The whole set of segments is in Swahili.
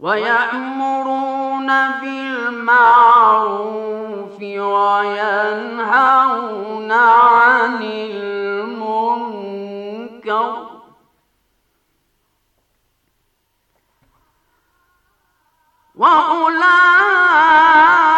ويأمرون بالمعروف وينهون عن المنكر وأولئك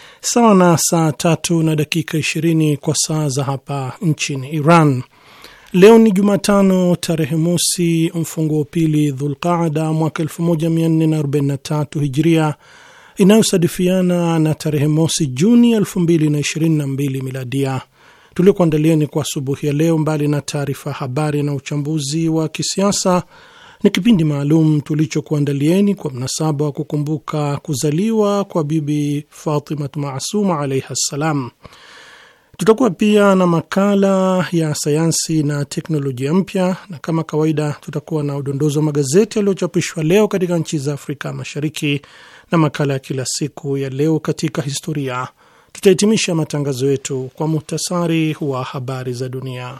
sawa na saa tatu na dakika ishirini kwa saa za hapa nchini Iran. Leo ni Jumatano, tarehe mosi mfungo wa pili Dhulqaada mwaka tatu Hijria, inayosadifiana na tarehe mosi Juni mbili Miladia. Tuliokuandalieni kwa asubuhi ya leo, mbali na taarifa habari na uchambuzi wa kisiasa ni kipindi maalum tulichokuandalieni kwa mnasaba wa kukumbuka kuzaliwa kwa Bibi Fatimat Masuma alaiha ssalam. Tutakuwa pia na makala ya sayansi na teknolojia mpya, na kama kawaida tutakuwa na udondozi wa magazeti yaliyochapishwa leo katika nchi za Afrika Mashariki na makala ya kila siku ya leo katika historia. Tutahitimisha matangazo yetu kwa muhtasari wa habari za dunia.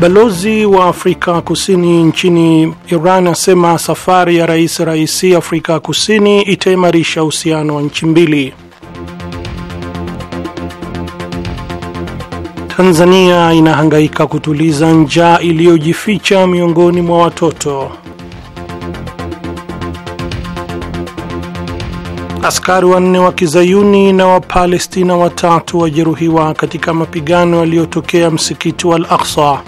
Balozi wa Afrika Kusini nchini Iran asema safari ya Rais Raisi Afrika Kusini itaimarisha uhusiano wa nchi mbili. Tanzania inahangaika kutuliza njaa iliyojificha miongoni mwa watoto. Askari wanne wa kizayuni na Wapalestina watatu wajeruhiwa katika mapigano yaliyotokea msikiti wa al aksa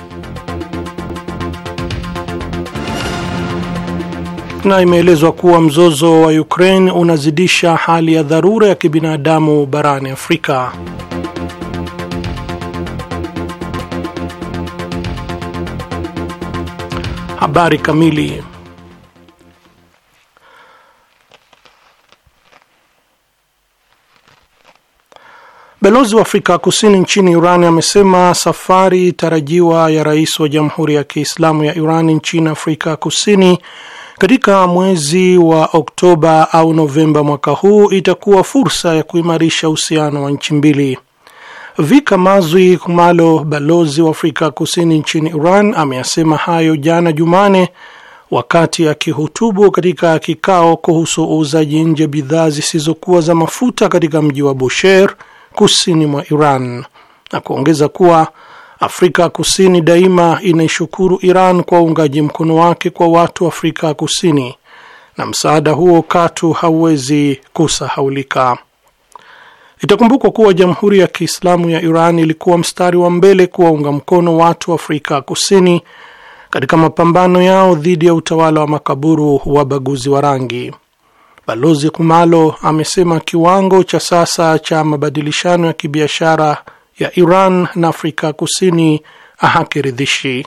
na imeelezwa kuwa mzozo wa Ukraine unazidisha hali ya dharura ya kibinadamu barani Afrika. Habari kamili. Balozi wa Afrika Kusini nchini Iran amesema safari tarajiwa ya rais wa Jamhuri ya Kiislamu ya Iran nchini Afrika Kusini katika mwezi wa Oktoba au Novemba mwaka huu itakuwa fursa ya kuimarisha uhusiano wa nchi mbili. Vika Mazwi Kumalo, balozi wa Afrika Kusini nchini Iran, ameyasema hayo jana Jumane wakati akihutubu katika kikao kuhusu uuzaji nje bidhaa zisizokuwa za mafuta katika mji wa Bushehr kusini mwa Iran na kuongeza kuwa Afrika Kusini daima inaishukuru Iran kwa uungaji mkono wake kwa watu wa Afrika Kusini, na msaada huo katu hauwezi kusahaulika. Itakumbukwa kuwa Jamhuri ya Kiislamu ya Iran ilikuwa mstari wa mbele kuwaunga mkono watu wa Afrika Kusini katika mapambano yao dhidi ya utawala wa makaburu wa baguzi wa rangi. Balozi Kumalo amesema kiwango cha sasa cha mabadilishano ya kibiashara ya Iran na Afrika Kusini hakiridhishi,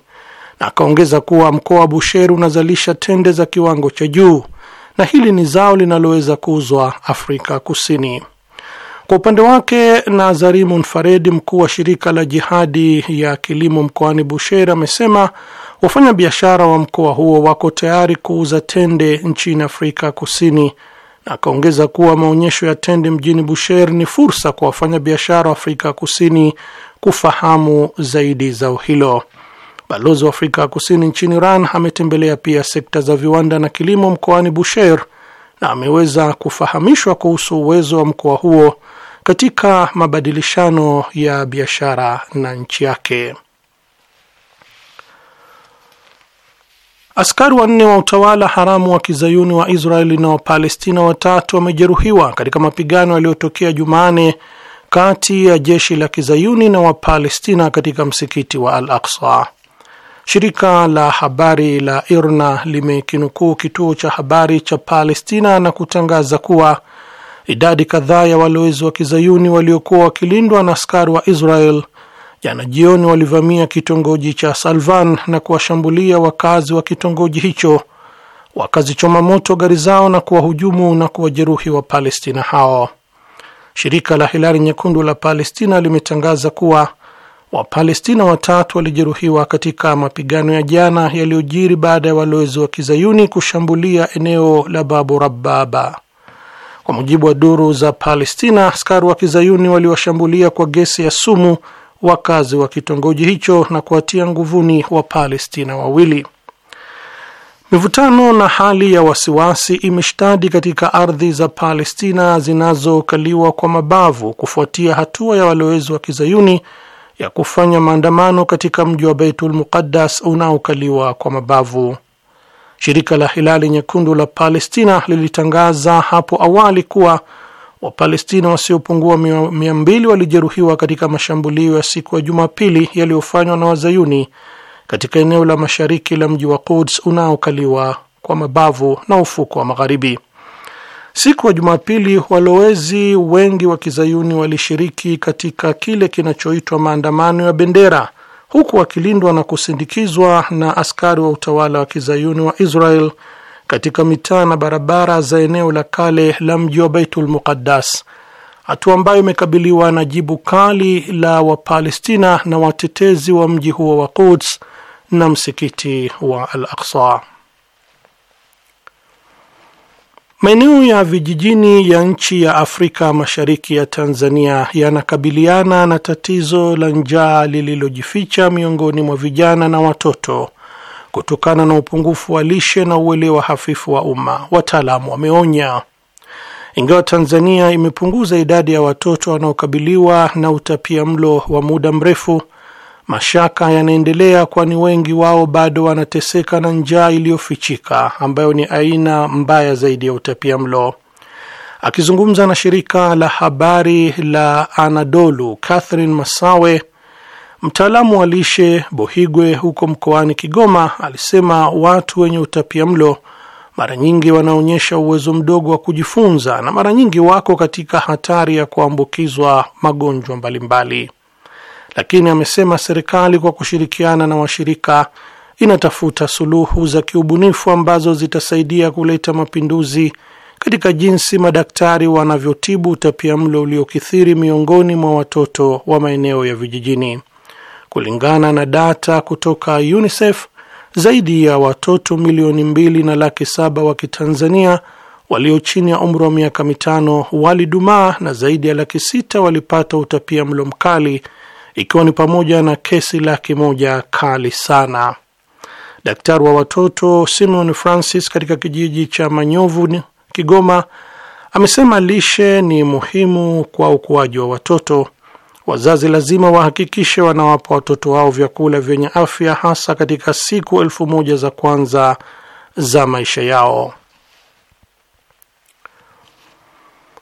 na akaongeza kuwa mkoa wa Bushehr unazalisha tende za kiwango cha juu na hili ni zao linaloweza kuuzwa Afrika Kusini. Kwa upande wake, Nazari Munfaredi, mkuu wa shirika la jihadi ya kilimo mkoani Bushehr, amesema wafanyabiashara wa mkoa huo wako tayari kuuza tende nchini Afrika Kusini Akaongeza kuwa maonyesho ya Tende mjini busher ni fursa kwa wafanyabiashara wa Afrika Kusini kufahamu zaidi zao hilo. Balozi wa Afrika Kusini nchini Iran ametembelea pia sekta za viwanda na kilimo mkoani busher na ameweza kufahamishwa kuhusu uwezo wa mkoa huo katika mabadilishano ya biashara na nchi yake. Askari wanne wa utawala haramu wa kizayuni wa Israeli na Wapalestina watatu wamejeruhiwa katika mapigano yaliyotokea Jumane kati ya jeshi la kizayuni na Wapalestina katika msikiti wa Al Aksa. Shirika la habari la IRNA limekinukuu kituo cha habari cha Palestina na kutangaza kuwa idadi kadhaa ya walowezi wa kizayuni waliokuwa wakilindwa na askari wa Israel jana jioni walivamia kitongoji cha Salvan na kuwashambulia wakazi wa kitongoji hicho, wakazichoma moto gari zao na kuwahujumu na kuwajeruhi wa Palestina hao. Shirika la Hilali Nyekundu la Palestina limetangaza kuwa Wapalestina watatu walijeruhiwa katika mapigano ya jana yaliyojiri baada ya walowezi wa kizayuni kushambulia eneo la Babu Rababa. Kwa mujibu wa duru za Palestina, askari wa kizayuni waliwashambulia kwa gesi ya sumu wakazi wa kitongoji hicho na kuwatia nguvuni wa palestina wawili. Mivutano na hali ya wasiwasi imeshtadi katika ardhi za Palestina zinazokaliwa kwa mabavu kufuatia hatua ya walowezi wa kizayuni ya kufanya maandamano katika mji wa Baitul Muqaddas unaokaliwa kwa mabavu. Shirika la Hilali Nyekundu la Palestina lilitangaza hapo awali kuwa Wapalestina wasiopungua mia mbili walijeruhiwa katika mashambulio ya siku ya Jumapili yaliyofanywa na wazayuni katika eneo la mashariki la mji wa Quds unaokaliwa kwa mabavu na ufuko wa magharibi. Siku ya Jumapili, walowezi wengi wa kizayuni walishiriki katika kile kinachoitwa maandamano ya bendera huku wakilindwa na kusindikizwa na askari wa utawala wa kizayuni wa Israel katika mitaa na barabara za eneo la kale la mji wa Baitul Muqaddas, hatua ambayo imekabiliwa na jibu kali la Wapalestina na watetezi wa mji huo wa Quds na msikiti wa Al-Aqsa. Maeneo ya vijijini ya nchi ya Afrika Mashariki ya Tanzania yanakabiliana na tatizo la njaa lililojificha miongoni mwa vijana na watoto kutokana na upungufu wa lishe na uelewa hafifu wa umma, wataalamu wameonya. Ingawa Tanzania imepunguza idadi ya watoto wanaokabiliwa na utapia mlo wa muda mrefu, mashaka yanaendelea, kwani wengi wao bado wanateseka na njaa iliyofichika ambayo ni aina mbaya zaidi ya utapia mlo. Akizungumza na shirika la habari la Anadolu, Catherine Masawe Mtaalamu wa lishe Bohigwe huko mkoani Kigoma alisema watu wenye utapia mlo mara nyingi wanaonyesha uwezo mdogo wa kujifunza na mara nyingi wako katika hatari ya kuambukizwa magonjwa mbalimbali, lakini amesema serikali kwa kushirikiana na washirika inatafuta suluhu za kiubunifu ambazo zitasaidia kuleta mapinduzi katika jinsi madaktari wanavyotibu utapia mlo uliokithiri miongoni mwa watoto wa maeneo ya vijijini. Kulingana na data kutoka UNICEF, zaidi ya watoto milioni mbili na laki saba wa Kitanzania walio chini ya umri wa miaka mitano walidumaa na zaidi ya laki sita walipata utapia mlo mkali ikiwa ni pamoja na kesi laki moja kali sana. Daktari wa watoto Simeon Francis katika kijiji cha Manyovu, Kigoma, amesema lishe ni muhimu kwa ukuaji wa watoto wazazi lazima wahakikishe wanawapa watoto wao vyakula vyenye afya, hasa katika siku elfu moja za kwanza za maisha yao.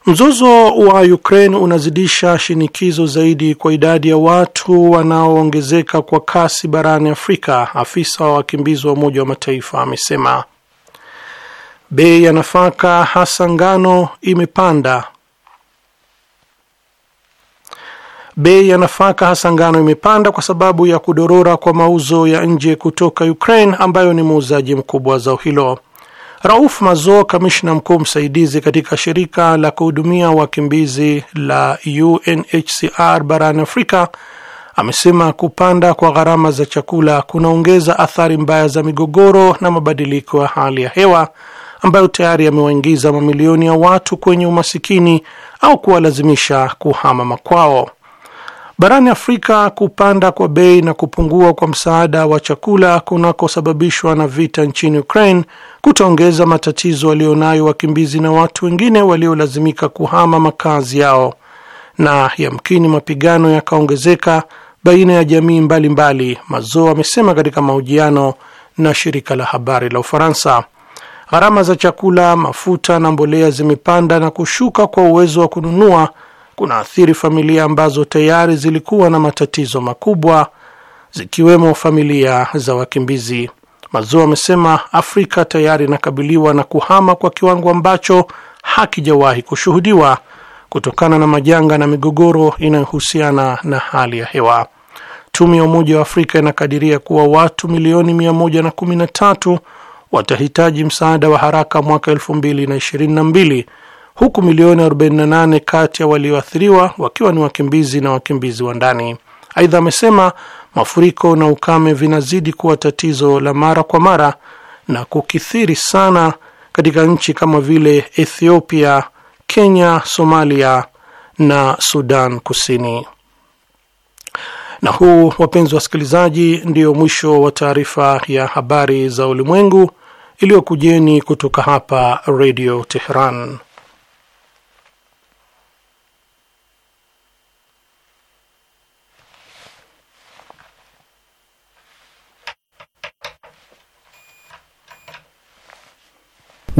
Mzozo wa Ukraine unazidisha shinikizo zaidi kwa idadi ya watu wanaoongezeka kwa kasi barani Afrika, afisa wa wakimbizi wa Umoja wa Mataifa amesema. Bei ya nafaka hasa ngano imepanda Bei ya nafaka hasa ngano imepanda kwa sababu ya kudorora kwa mauzo ya nje kutoka Ukraine ambayo ni muuzaji mkubwa wa zao hilo. Rauf Mazo, kamishna mkuu msaidizi katika shirika la kuhudumia wakimbizi la UNHCR barani Afrika, amesema kupanda kwa gharama za chakula kunaongeza athari mbaya za migogoro na mabadiliko ya hali ya hewa ambayo tayari yamewaingiza mamilioni ya watu kwenye umasikini au kuwalazimisha kuhama makwao. Barani Afrika, kupanda kwa bei na kupungua kwa msaada wa chakula kunakosababishwa na vita nchini Ukraine kutaongeza matatizo walionayo wakimbizi na watu wengine waliolazimika kuhama makazi yao, na yamkini mapigano yakaongezeka baina ya jamii mbalimbali, Mazoo amesema katika mahojiano na shirika la habari la Ufaransa. Gharama za chakula, mafuta na mbolea zimepanda na kushuka kwa uwezo wa kununua kunaathiri familia ambazo tayari zilikuwa na matatizo makubwa zikiwemo familia za wakimbizi. Mazua amesema Afrika tayari inakabiliwa na kuhama kwa kiwango ambacho hakijawahi kushuhudiwa kutokana na majanga na migogoro inayohusiana na hali ya hewa. Tume ya Umoja wa Afrika inakadiria kuwa watu milioni 113 watahitaji msaada wa haraka mwaka 2022 huku milioni 48 kati ya walioathiriwa wakiwa ni wakimbizi na wakimbizi wa ndani. Aidha, amesema mafuriko na ukame vinazidi kuwa tatizo la mara kwa mara na kukithiri sana katika nchi kama vile Ethiopia, Kenya, Somalia na Sudan Kusini. Na huu, wapenzi wasikilizaji, ndio mwisho wa taarifa ya habari za ulimwengu iliyokujeni kutoka hapa Radio Tehran.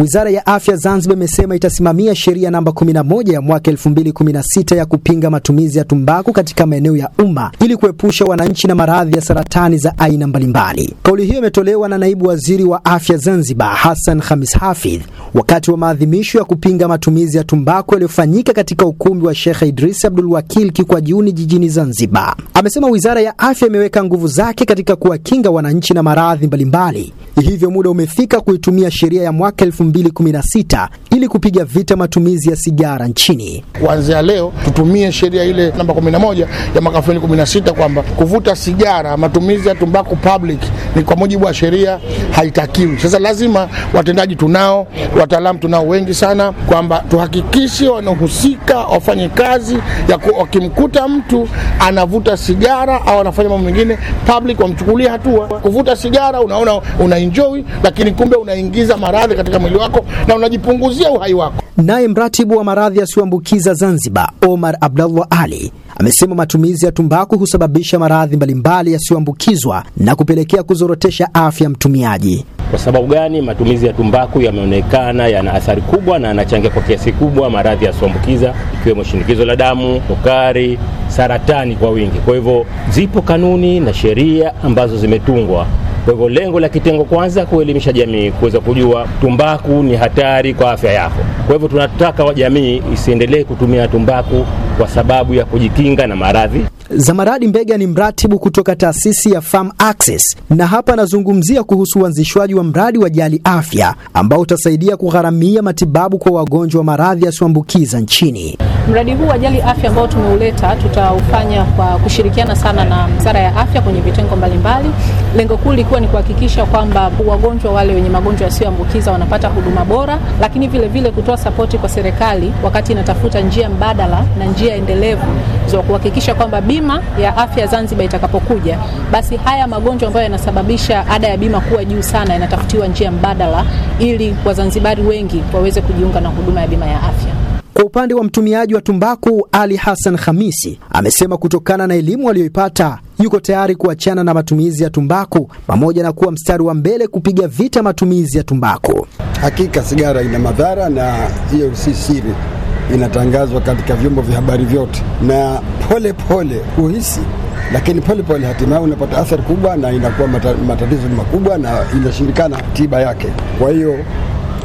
Wizara ya Afya Zanzibar imesema itasimamia sheria namba 11 ya mwaka 2016 ya kupinga matumizi ya tumbaku katika maeneo ya umma ili kuepusha wananchi na maradhi ya saratani za aina mbalimbali. Kauli hiyo imetolewa na naibu waziri wa afya Zanzibar, Hassan Khamis Hafidh, wakati wa maadhimisho ya kupinga matumizi ya tumbaku yaliyofanyika katika ukumbi wa Shekhe Idris Abdul Wakil Kikwajuni jijini Zanzibar. Amesema wizara ya afya imeweka nguvu zake katika kuwakinga wananchi na maradhi mbalimbali, hivyo muda umefika kuitumia sheria ya mwaka 2016 ili kupiga vita matumizi ya sigara nchini. Kuanzia leo tutumie sheria ile namba 11 ya mwaka 2016 kwamba kuvuta sigara, matumizi ya tumbaku public ni kwa mujibu wa sheria haitakiwi. Sasa lazima watendaji tunao, wataalamu tunao wengi sana, kwamba tuhakikishe wanahusika wafanye kazi ya wakimkuta mtu anavuta sigara au anafanya mambo mengine public, wamchukulie hatua. Kuvuta sigara unaona una enjoy, lakini kumbe unaingiza maradhi katika mwili wako na unajipunguzia uhai wako. Naye mratibu wa maradhi yasiyoambukiza Zanzibar, Omar Abdallah Ali, amesema matumizi ya tumbaku husababisha maradhi mbalimbali yasiyoambukizwa na kupelekea kuzorotesha afya mtumiaji. Kwa sababu gani? Matumizi ya tumbaku yameonekana yana athari kubwa na yanachangia kwa kiasi kubwa maradhi yasiyoambukiza ikiwemo shinikizo la damu, sukari, saratani kwa wingi. Kwa hivyo zipo kanuni na sheria ambazo zimetungwa kwa hivyo lengo la kitengo kwanza kuelimisha jamii kuweza kujua tumbaku ni hatari kwa afya yako. Kwa hivyo tunataka jamii isiendelee kutumia tumbaku kwa sababu ya kujikinga na maradhi. Zamaradi Mbega ni mratibu kutoka taasisi ya Farm Access, na hapa anazungumzia kuhusu uanzishwaji wa mradi wa Jali Afya ambao utasaidia kugharamia matibabu kwa wagonjwa wa maradhi yasiyoambukiza nchini. Mradi huu wa Jali Afya ambao tumeuleta, tutaufanya kwa kushirikiana sana na Wizara ya Afya kwenye vitengo mbalimbali. Lengo kuu ilikuwa ni kuhakikisha kwamba wagonjwa wale wenye magonjwa yasiyoambukiza wanapata huduma bora, lakini vile vile kutoa sapoti kwa serikali wakati inatafuta njia mbadala na njia endelevu za kuhakikisha kwamba bima ya afya Zanzibar itakapokuja, basi haya magonjwa ambayo yanasababisha ada ya bima kuwa juu sana, yanatafutiwa njia mbadala ili Wazanzibari wengi waweze kujiunga na huduma ya bima ya afya. Kwa upande wa mtumiaji wa tumbaku Ali Hassan Khamisi amesema kutokana na elimu aliyoipata yuko tayari kuachana na matumizi ya tumbaku pamoja na kuwa mstari wa mbele kupiga vita matumizi ya tumbaku. Hakika sigara ina madhara, na hiyo si siri, inatangazwa katika vyombo vya habari vyote, na pole pole huhisi lakini pole pole hatimaye unapata athari kubwa na inakuwa matatizo makubwa na inashindikana tiba yake. Kwa hiyo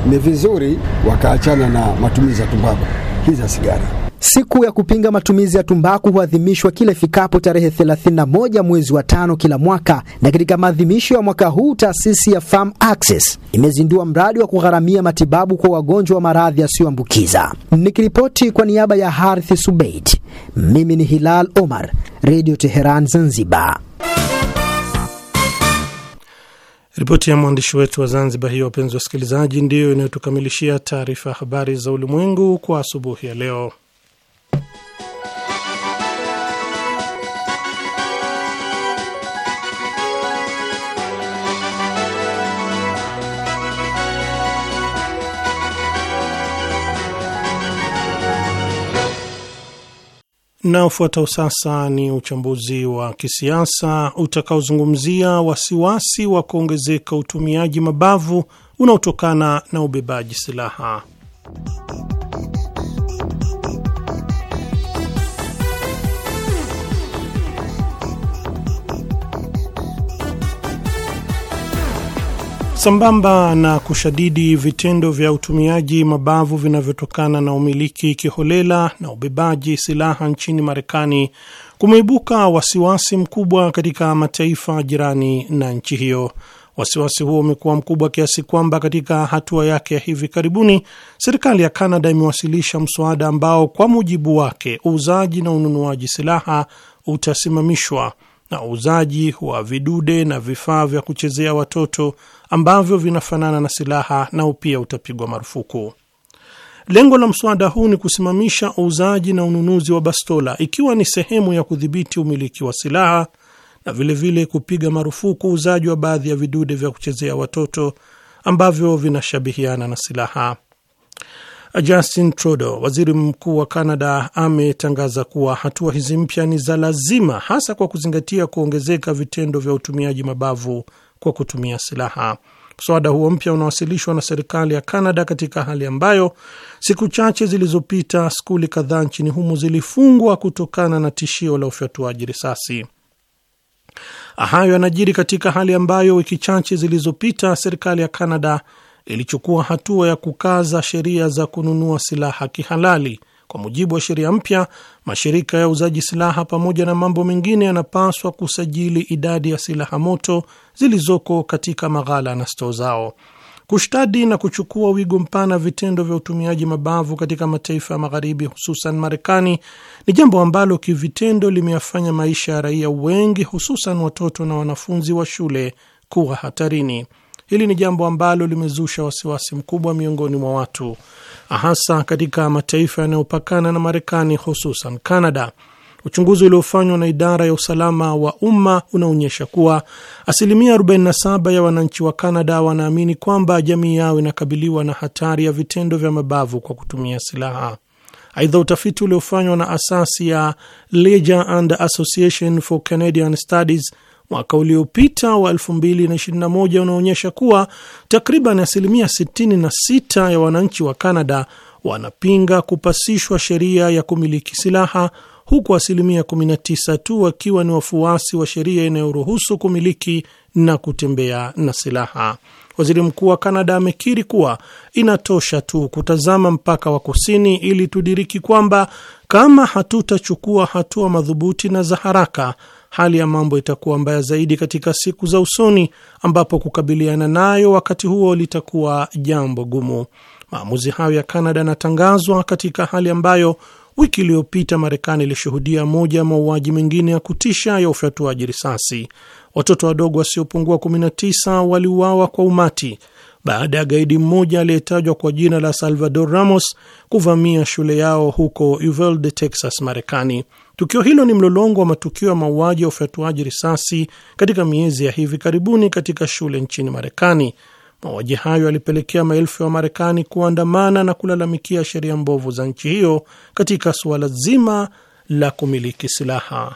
ni vizuri wakaachana na matumizi ya tumbaku hizi za sigara. Siku ya kupinga matumizi ya tumbaku huadhimishwa kila ifikapo tarehe 31 mwezi wa tano kila mwaka, na katika maadhimisho ya mwaka huu taasisi ya Farm Access imezindua mradi wa kugharamia matibabu kwa wagonjwa wa maradhi yasiyoambukiza. Nikiripoti kwa niaba ya Harith Subeid, mimi ni Hilal Omar, Radio Teheran, Zanzibar. Ripoti ya mwandishi wetu wa Zanzibar hiyo, wapenzi wasikilizaji, ndiyo inayotukamilishia taarifa ya habari za ulimwengu kwa asubuhi ya leo. Na ufuatao sasa ni uchambuzi wa kisiasa utakaozungumzia wasiwasi wa kuongezeka utumiaji mabavu unaotokana na ubebaji silaha. Sambamba na kushadidi vitendo vya utumiaji mabavu vinavyotokana na umiliki kiholela na ubebaji silaha nchini Marekani, kumeibuka wasiwasi mkubwa katika mataifa jirani na nchi hiyo. Wasiwasi huo umekuwa mkubwa kiasi kwamba katika hatua yake ya hivi karibuni, serikali ya Kanada imewasilisha mswada ambao kwa mujibu wake uuzaji na ununuaji silaha utasimamishwa na uuzaji wa vidude na vifaa vya kuchezea watoto ambavyo vinafanana na silaha nao pia utapigwa marufuku. Lengo la mswada huu ni kusimamisha uuzaji na ununuzi wa bastola, ikiwa ni sehemu ya kudhibiti umiliki wa silaha na vilevile vile kupiga marufuku uuzaji wa baadhi ya vidude vya kuchezea watoto ambavyo vinashabihiana na silaha. Justin Trudeau, waziri mkuu wa Canada, ametangaza kuwa hatua hizi mpya ni za lazima, hasa kwa kuzingatia kuongezeka vitendo vya utumiaji mabavu kwa kutumia silaha. Mswada huo mpya unawasilishwa na serikali ya Canada katika hali ambayo siku chache zilizopita skuli kadhaa nchini humo zilifungwa kutokana na tishio la ufyatuaji risasi. Hayo yanajiri katika hali ambayo wiki chache zilizopita serikali ya Canada ilichukua hatua ya kukaza sheria za kununua silaha kihalali. Kwa mujibu wa sheria mpya, mashirika ya uzaji silaha pamoja na mambo mengine yanapaswa kusajili idadi ya silaha moto zilizoko katika maghala na stoo zao. Kushtadi na kuchukua wigo mpana vitendo vya utumiaji mabavu katika mataifa ya Magharibi, hususan Marekani, ni jambo ambalo kivitendo limeyafanya maisha ya raia wengi, hususan watoto na wanafunzi wa shule, kuwa hatarini. Hili ni jambo ambalo limezusha wasiwasi mkubwa miongoni mwa watu, hasa katika mataifa yanayopakana na Marekani, hususan canada Uchunguzi uliofanywa na idara ya usalama wa umma unaonyesha kuwa asilimia 47 ya wananchi wa canada wanaamini kwamba jamii yao inakabiliwa na hatari ya vitendo vya mabavu kwa kutumia silaha. Aidha, utafiti uliofanywa na asasi ya Leger and Association for Canadian Studies mwaka uliopita wa 2021 unaonyesha kuwa takriban asilimia 66 ya wananchi wa canada wanapinga kupasishwa sheria ya kumiliki silaha huku asilimia 19 tu wakiwa ni wafuasi wa sheria inayoruhusu kumiliki na kutembea na silaha. Waziri Mkuu wa Kanada amekiri kuwa inatosha tu kutazama mpaka wa kusini ili tudiriki kwamba kama hatutachukua hatua madhubuti na za haraka hali ya mambo itakuwa mbaya zaidi katika siku za usoni, ambapo kukabiliana nayo wakati huo litakuwa jambo gumu. Maamuzi hayo ya Kanada yanatangazwa katika hali ambayo wiki iliyopita Marekani ilishuhudia moja ya mauaji mengine ya kutisha ya ufyatuaji risasi. Watoto wadogo wasiopungua 19 waliuawa kwa umati baada ya gaidi mmoja aliyetajwa kwa jina la Salvador Ramos kuvamia shule yao huko Uvalde, Texas, Marekani. Tukio hilo ni mlolongo wa matukio ya mauaji ya ufyatuaji risasi katika miezi ya hivi karibuni katika shule nchini Marekani. Mauaji hayo yalipelekea maelfu ya Wamarekani kuandamana na kulalamikia sheria mbovu za nchi hiyo katika suala zima la kumiliki silaha.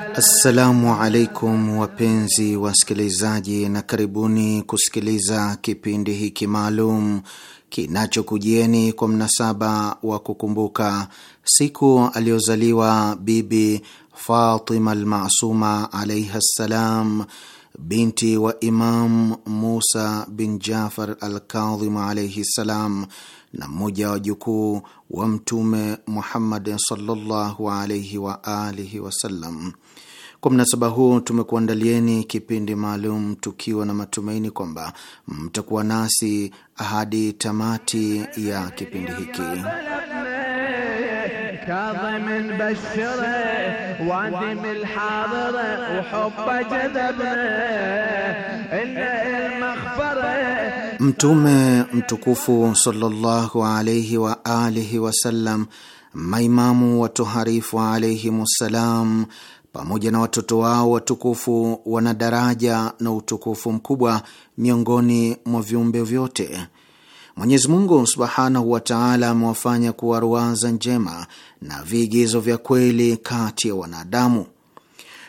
Assalamu alaikum wapenzi wasikilizaji, na karibuni kusikiliza kipindi hiki maalum kinachokujieni kwa mnasaba wa kukumbuka siku aliyozaliwa Bibi Fatima Almasuma alaihi ssalam, binti wa Imam Musa bin Jafar Alkadhim alaihi ssalam, na mmoja wa jukuu wa Mtume Muhammad sallallahu alaihi waalihi wasallam. Kwa mnasaba huu tumekuandalieni kipindi maalum tukiwa na matumaini kwamba mtakuwa nasi hadi tamati ya kipindi hiki. Mtume mtukufu sallallahu alaihi wa alihi wasallam, maimamu watoharifu alaihim wassalam pamoja na watoto wao watukufu wana daraja na utukufu mkubwa miongoni mwa viumbe vyote. Mwenyezi Mungu subhanahu wa taala amewafanya kuwa ruwaza njema na viigizo vya kweli kati ya wanadamu.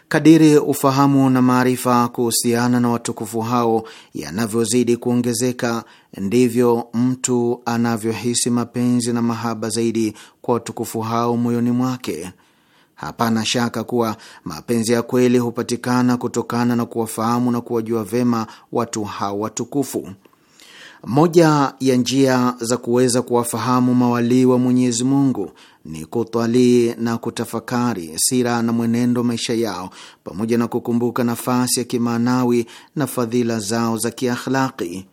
Kadiri ufahamu na maarifa kuhusiana na watukufu hao yanavyozidi kuongezeka, ndivyo mtu anavyohisi mapenzi na mahaba zaidi kwa watukufu hao moyoni mwake. Hapana shaka kuwa mapenzi ya kweli hupatikana kutokana na kuwafahamu na kuwajua vema watu hawa watukufu. Moja ya njia za kuweza kuwafahamu mawalii wa Mwenyezi Mungu ni kutwalii na kutafakari sira na mwenendo maisha yao, pamoja na kukumbuka nafasi ya kimaanawi na fadhila zao za kiakhlaki.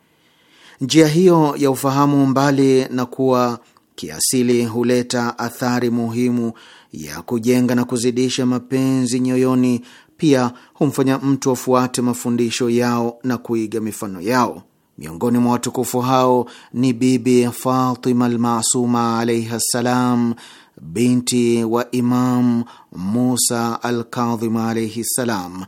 Njia hiyo ya ufahamu, mbali na kuwa kiasili, huleta athari muhimu ya kujenga na kuzidisha mapenzi nyoyoni, pia humfanya mtu afuate mafundisho yao na kuiga mifano yao. Miongoni mwa watukufu hao ni Bibi Fatima Almasuma alaihi ssalam, binti wa Imam Musa Alkadhim alaihi ssalam,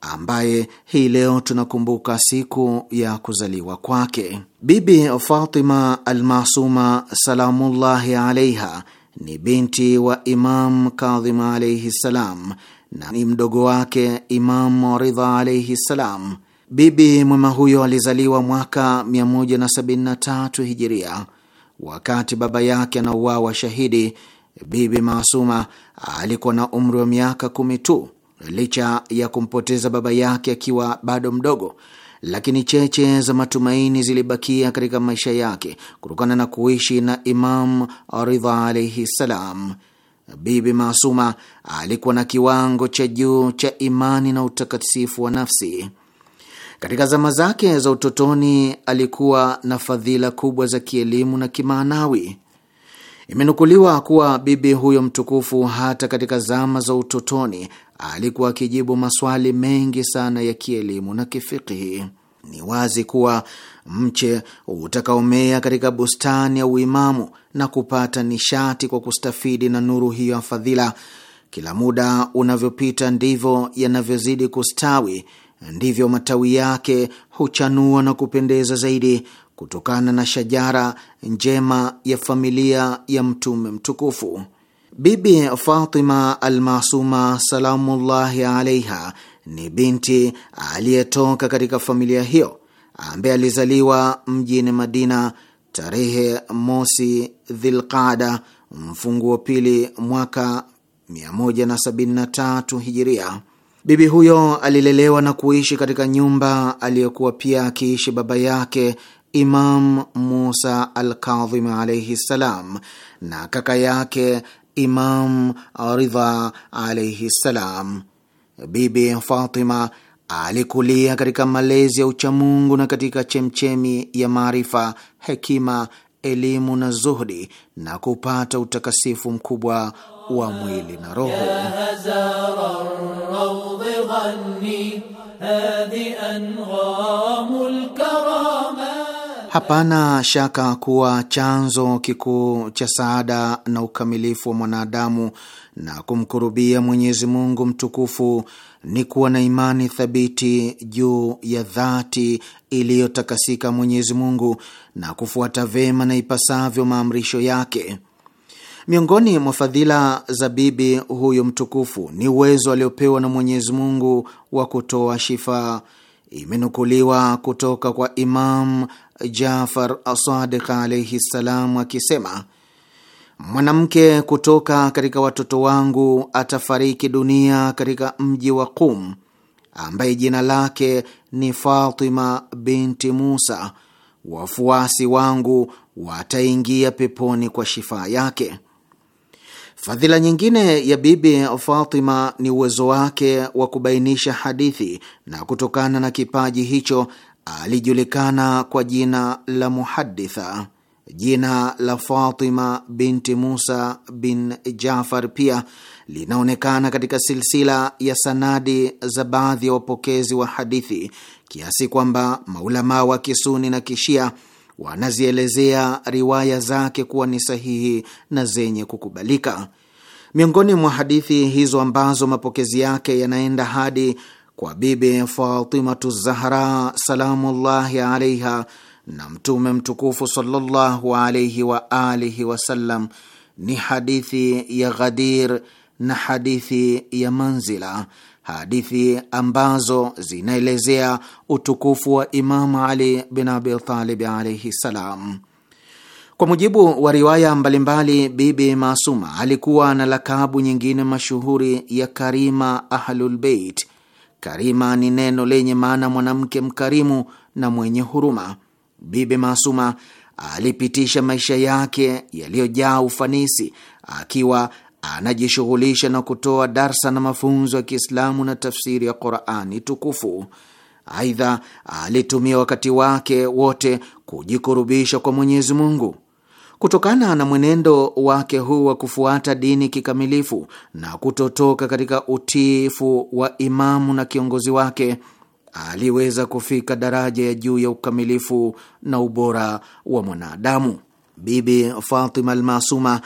ambaye hii leo tunakumbuka siku ya kuzaliwa kwake. Bibi Fatima Almasuma salamullahi alaiha ni binti wa Imam Kadhim alaihi ssalam na ni mdogo wake Imam Ridha alaihi ssalam. Bibi mwema huyo alizaliwa mwaka 173 hijiria. Wakati baba yake anauawa shahidi, Bibi Maasuma alikuwa na umri wa miaka kumi tu. Licha ya kumpoteza baba yake akiwa bado mdogo lakini cheche za matumaini zilibakia katika maisha yake kutokana na kuishi na Imam Ridha alaihi ssalam. Bibi Maasuma alikuwa na kiwango cha juu cha imani na utakatifu wa nafsi. Katika zama zake za utotoni alikuwa na fadhila kubwa za kielimu na kimaanawi. Imenukuliwa kuwa bibi huyo mtukufu hata katika zama za utotoni alikuwa akijibu maswali mengi sana ya kielimu na kifikihi. Ni wazi kuwa mche utakaomea katika bustani ya uimamu na kupata nishati kwa kustafidi na nuru hiyo ya fadhila, kila muda unavyopita ndivyo yanavyozidi kustawi, ndivyo matawi yake huchanua na kupendeza zaidi, kutokana na shajara njema ya familia ya Mtume mtukufu. Bibi Fatima Almasuma salamullahi alaiha ni binti aliyetoka katika familia hiyo ambaye alizaliwa mjini Madina tarehe mosi Dhilqada mfunguo pili mwaka 173 hijiria. Bibi huyo alilelewa na kuishi katika nyumba aliyokuwa pia akiishi baba yake Imam Musa Alkadhim alaihi ssalam na kaka yake Imam Ridha alaihi ssalam. Bibi Fatima alikulia katika malezi ya uchamungu na katika chemchemi ya maarifa, hekima, elimu na zuhdi, na kupata utakasifu mkubwa wa mwili na roho. Hapana shaka kuwa chanzo kikuu cha saada na ukamilifu wa mwanadamu na kumkurubia Mwenyezi Mungu mtukufu ni kuwa na imani thabiti juu ya dhati iliyotakasika Mwenyezi Mungu na kufuata vema na ipasavyo maamrisho yake. Miongoni mwa fadhila za bibi huyo mtukufu ni uwezo aliopewa na Mwenyezi Mungu wa kutoa shifaa. Imenukuliwa kutoka kwa Imam Jafar Sadiq alaihi ssalam akisema, mwanamke kutoka katika watoto wangu atafariki dunia katika mji wa Qum, ambaye jina lake ni Fatima binti Musa. Wafuasi wangu wataingia peponi kwa shifaa yake. Fadhila nyingine ya Bibi Fatima ni uwezo wake wa kubainisha hadithi, na kutokana na kipaji hicho alijulikana kwa jina la Muhaditha. Jina la Fatima binti Musa bin Jafar pia linaonekana katika silsila ya sanadi za baadhi ya wapokezi wa hadithi kiasi kwamba maulamaa wa Kisuni na Kishia wanazielezea riwaya zake kuwa ni sahihi na zenye kukubalika. Miongoni mwa hadithi hizo ambazo mapokezi yake yanaenda hadi kwa Bibi Fatimatu Zahra salamullahi alaiha na Mtume mtukufu sallallahu alaihi wa alihi wasallam ni hadithi ya Ghadir na hadithi ya Manzila, hadithi ambazo zinaelezea utukufu wa Imamu Ali bin Abi Talib alaihi salam. Kwa mujibu wa riwaya mbalimbali, Bibi Masuma alikuwa na lakabu nyingine mashuhuri ya Karima Ahlulbeit Karima ni neno lenye maana mwanamke mkarimu na mwenye huruma. Bibi Maasuma alipitisha maisha yake yaliyojaa ufanisi akiwa anajishughulisha na kutoa darsa na mafunzo ya Kiislamu na tafsiri ya Qurani tukufu. Aidha, alitumia wakati wake wote kujikurubisha kwa Mwenyezi Mungu. Kutokana na mwenendo wake huu wa kufuata dini kikamilifu na kutotoka katika utiifu wa imamu na kiongozi wake, aliweza kufika daraja ya juu ya ukamilifu na ubora wa mwanadamu. Bibi Fatima Almasuma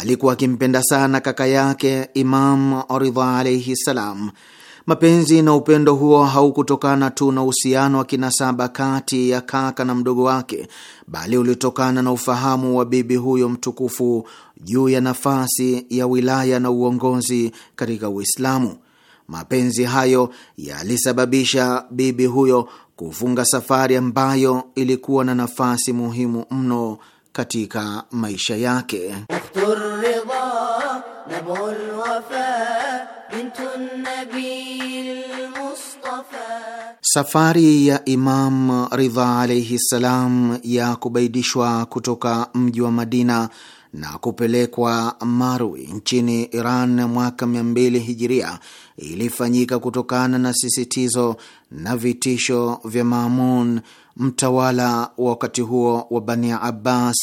alikuwa akimpenda sana kaka yake Imam Ridha alaihi ssalam Mapenzi na upendo huo haukutokana tu na uhusiano wa kinasaba kati ya kaka na mdogo wake, bali ulitokana na ufahamu wa bibi huyo mtukufu juu ya nafasi ya wilaya na uongozi katika Uislamu. Mapenzi hayo yalisababisha bibi huyo kufunga safari ambayo ilikuwa na nafasi muhimu mno katika maisha yake. Safari ya Imam Ridha alaihi ssalam ya kubaidishwa kutoka mji wa Madina na kupelekwa Marwi nchini Iran mwaka mia hijiria ilifanyika kutokana na sisitizo na vitisho vya Mamun, mtawala wa wakati huo wa Bani Abbas,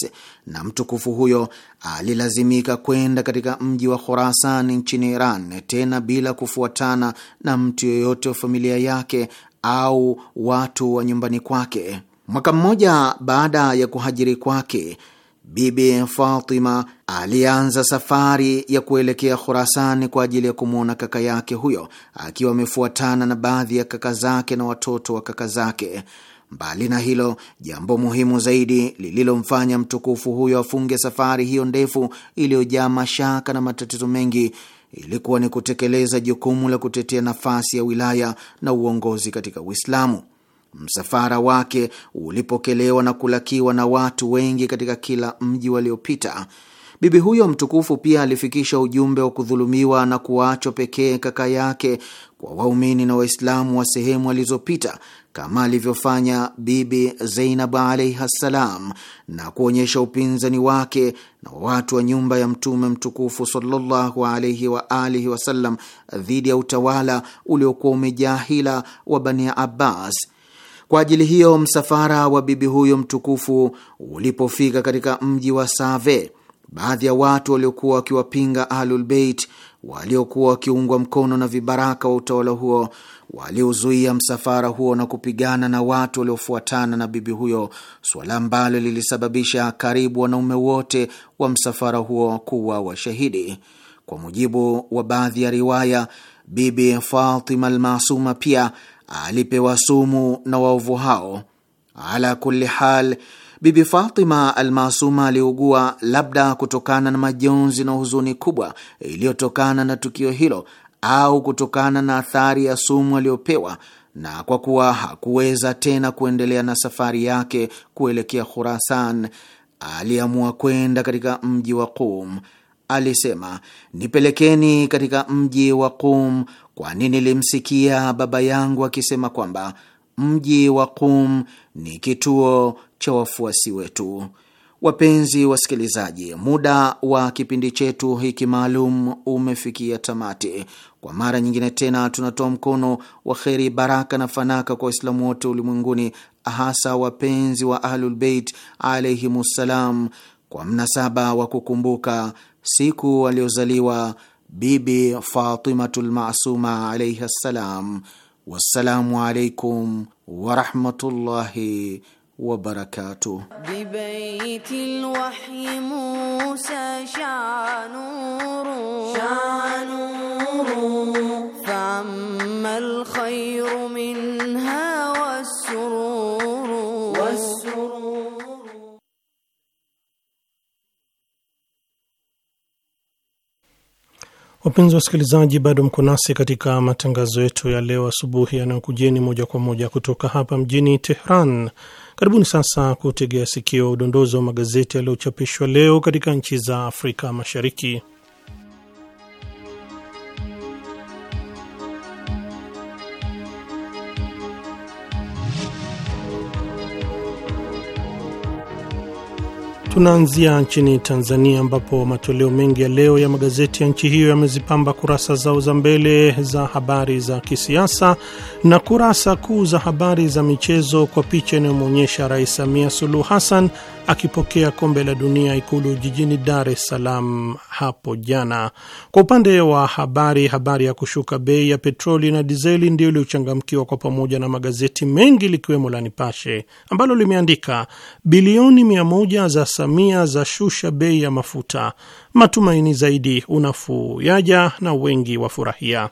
na mtukufu huyo alilazimika kwenda katika mji wa Khurasan nchini Iran, tena bila kufuatana na mtu yoyote wa familia yake au watu wa nyumbani kwake. Mwaka mmoja baada ya kuhajiri kwake, Bibi Fatima alianza safari ya kuelekea Khurasani kwa ajili ya kumwona kaka yake huyo, akiwa amefuatana na baadhi ya kaka zake na watoto wa kaka zake. Mbali na hilo, jambo muhimu zaidi lililomfanya mtukufu huyo afunge safari hiyo ndefu iliyojaa mashaka na matatizo mengi ilikuwa ni kutekeleza jukumu la kutetea nafasi ya wilaya na uongozi katika Uislamu. Msafara wake ulipokelewa na kulakiwa na watu wengi katika kila mji waliopita, Bibi huyo mtukufu pia alifikisha ujumbe wa kudhulumiwa na kuachwa pekee kaka yake kwa waumini na Waislamu wa sehemu alizopita kama alivyofanya Bibi Zainab alaihi ssalam, na kuonyesha upinzani wake na watu wa nyumba ya Mtume mtukufu sallallahu alaihi wa alihi wasallam dhidi ya utawala uliokuwa umejahila wa Bani Abbas. Kwa ajili hiyo msafara wa bibi huyo mtukufu ulipofika katika mji wa Save Baadhi ya watu waliokuwa wakiwapinga Ahlulbeit waliokuwa wakiungwa mkono na vibaraka wa utawala huo waliuzuia msafara huo na kupigana na watu waliofuatana na bibi huyo, suala ambalo lilisababisha karibu wanaume wote wa msafara huo kuwa washahidi. Kwa mujibu wa baadhi ya riwaya, Bibi Fatima Almasuma pia alipewa sumu na waovu hao. Ala kulli hal Bibi Fatima Almasuma aliugua, labda kutokana na majonzi na huzuni kubwa iliyotokana na tukio hilo au kutokana na athari ya sumu aliyopewa, na kwa kuwa hakuweza tena kuendelea na safari yake kuelekea Khurasan, aliamua kwenda katika mji wa Qum. Alisema, nipelekeni katika mji wa Qum, kwani nilimsikia baba yangu akisema kwamba mji wa Qum ni kituo cha wafuasi wetu. Wapenzi wasikilizaji, muda wa kipindi chetu hiki maalum umefikia tamati. Kwa mara nyingine tena, tunatoa mkono wa kheri, baraka na fanaka kwa Waislamu wote ulimwenguni, hasa wapenzi wa Ahlulbeit alaihimussalam, kwa mnasaba wa kukumbuka siku aliozaliwa Bibi Fatimatu lmasuma alaihi ssalam. Wassalamu alaikum warahmatullahi wabarakatuh. Wapenzi wa wasikilizaji, bado mko nasi katika matangazo yetu ya leo asubuhi yanayokujeni moja kwa moja kutoka hapa mjini Tehran. Karibuni sasa kutegea sikio udondozi wa magazeti yaliyochapishwa leo katika nchi za Afrika Mashariki. Tunaanzia nchini Tanzania ambapo matoleo mengi ya leo ya magazeti ya nchi hiyo yamezipamba kurasa zao za mbele za habari za kisiasa na kurasa kuu za habari za michezo kwa picha inayomwonyesha Rais Samia Suluhu Hassan akipokea kombe la dunia Ikulu jijini Dar es Salaam hapo jana. Kwa upande wa habari, habari ya kushuka bei ya petroli na dizeli ndio iliyochangamkiwa kwa pamoja na magazeti mengi likiwemo la Nipashe ambalo limeandika bilioni mia moja za Samia za shusha bei ya mafuta, matumaini zaidi, unafuu yaja na wengi wafurahia.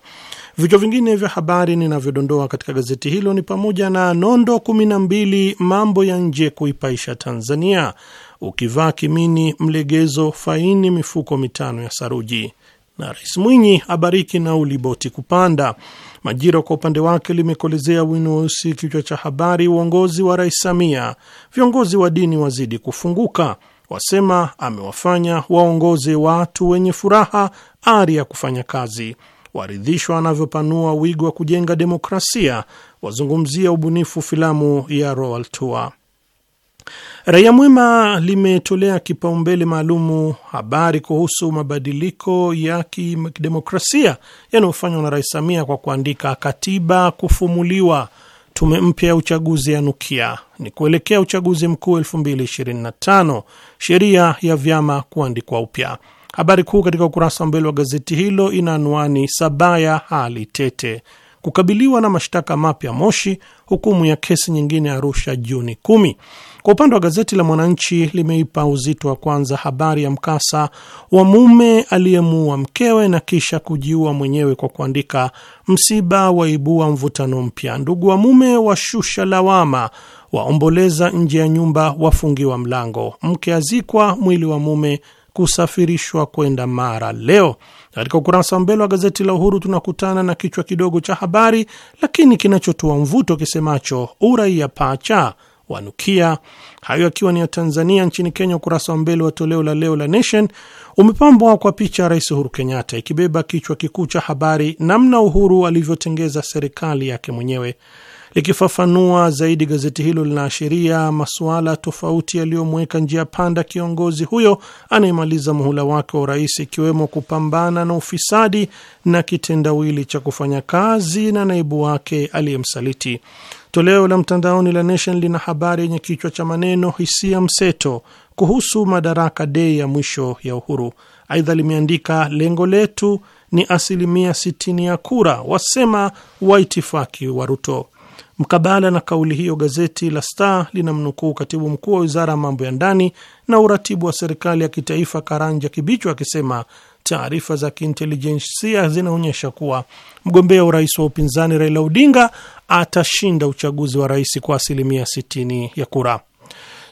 Vichwa vingine vya habari ninavyodondoa katika gazeti hilo ni pamoja na nondo 12 mambo ya nje kuipaisha Tanzania, ukivaa kimini mlegezo faini mifuko mitano ya saruji, na Rais Mwinyi abariki nauli boti kupanda. Majira kwa upande wake limekolezea wino weusi kichwa cha habari, uongozi wa Rais Samia, viongozi wa dini wazidi kufunguka, wasema amewafanya waongoze watu wenye furaha, ari ya kufanya kazi waridhishwa anavyopanua wigo wa kujenga demokrasia, wazungumzia ubunifu filamu ya roal Tua. Raia Mwema limetolea kipaumbele maalumu habari kuhusu mabadiliko ya kidemokrasia yanayofanywa na Rais Samia kwa kuandika katiba kufumuliwa, tume mpya ya uchaguzi ya nukia ni kuelekea uchaguzi mkuu 2025, sheria ya vyama kuandikwa upya. Habari kuu katika ukurasa wa mbele wa gazeti hilo ina anwani Sabaya hali tete, kukabiliwa na mashtaka mapya Moshi, hukumu ya kesi nyingine Arusha Juni kumi. Kwa upande wa gazeti la Mwananchi limeipa uzito wa kwanza habari ya mkasa wa mume aliyemuua mkewe na kisha kujiua mwenyewe kwa kuandika msiba waibua mvutano mpya, ndugu wa mume washusha lawama, waomboleza nje ya nyumba, wafungiwa mlango, mke azikwa, mwili wa mume kusafirishwa kwenda Mara leo. Katika ukurasa wa mbele wa gazeti la Uhuru tunakutana na kichwa kidogo cha habari lakini kinachotoa mvuto kisemacho uraia pacha wanukia. Hayo akiwa ni ya Tanzania. Nchini Kenya, ukurasa wa mbele wa toleo la leo la Nation umepambwa kwa picha ya Rais Uhuru Kenyatta ikibeba kichwa kikuu cha habari namna Uhuru alivyotengeza serikali yake mwenyewe. Ikifafanua zaidi, gazeti hilo linaashiria masuala tofauti yaliyomweka njia panda kiongozi huyo anayemaliza muhula wake wa urais, ikiwemo kupambana na ufisadi na kitendawili cha kufanya kazi na naibu wake aliyemsaliti. Toleo la mtandaoni la Nation lina habari yenye kichwa cha maneno hisia mseto kuhusu Madaraka Dei ya mwisho ya Uhuru. Aidha limeandika lengo letu ni asilimia 60 ya kura, wasema waitifaki wa Ruto. Mkabala na kauli hiyo, gazeti la Star linamnukuu katibu mkuu wa wizara ya mambo ya ndani na uratibu wa serikali ya kitaifa Karanja Kibichwa akisema taarifa za kiintelijensia zinaonyesha kuwa mgombea urais wa upinzani Raila Odinga atashinda uchaguzi wa rais kwa asilimia 60 ya kura.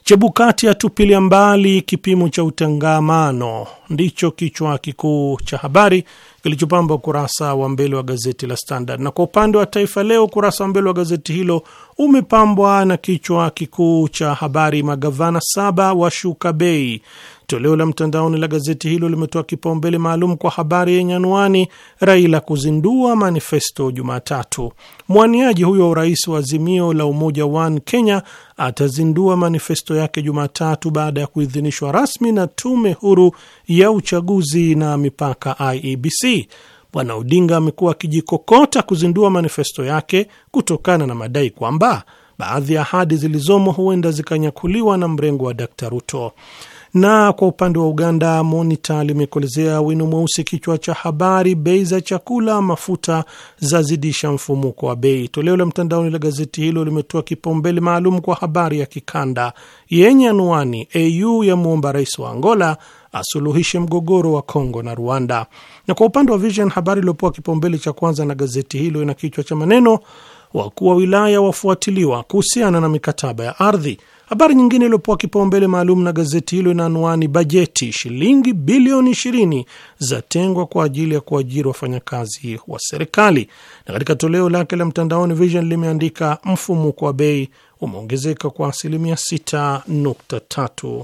Chebukati atupilia mbali kipimo cha utangamano, ndicho kichwa kikuu cha habari kilichopamba ukurasa wa mbele wa gazeti la Standard. Na kwa upande wa Taifa Leo, ukurasa wa mbele wa gazeti hilo umepambwa na kichwa kikuu cha habari, magavana saba washuka bei. Toleo la mtandaoni la gazeti hilo limetoa kipaumbele maalum kwa habari yenye anwani Raila kuzindua manifesto Jumatatu. Mwaniaji huyo wa urais wa Azimio la Umoja One Kenya atazindua manifesto yake Jumatatu baada ya kuidhinishwa rasmi na Tume Huru ya Uchaguzi na Mipaka IEBC. Bwana Odinga amekuwa akijikokota kuzindua manifesto yake kutokana na madai kwamba baadhi ya ahadi zilizomo huenda zikanyakuliwa na mrengo wa Dkt Ruto. Na kwa upande wa Uganda, Monita limekolezea wino mweusi kichwa cha habari, bei za chakula mafuta zazidisha mfumuko wa bei. Toleo la mtandaoni la gazeti hilo limetoa kipaumbele maalum kwa habari ya kikanda yenye anuani, AU yamwomba rais wa Angola asuluhishe mgogoro wa Kongo na Rwanda. Na kwa upande wa Vision, habari iliyopewa kipaumbele cha kwanza na gazeti hilo ina kichwa cha maneno, wakuu wa wilaya wafuatiliwa kuhusiana na mikataba ya ardhi. Habari nyingine iliyopewa kipaumbele maalum na gazeti hilo ina anwani bajeti shilingi bilioni 20 zatengwa kwa ajili ya kuajiri wafanyakazi wa serikali. Na katika toleo lake la mtandaoni Vision limeandika mfumuko wa bei umeongezeka kwa asilimia 6.3.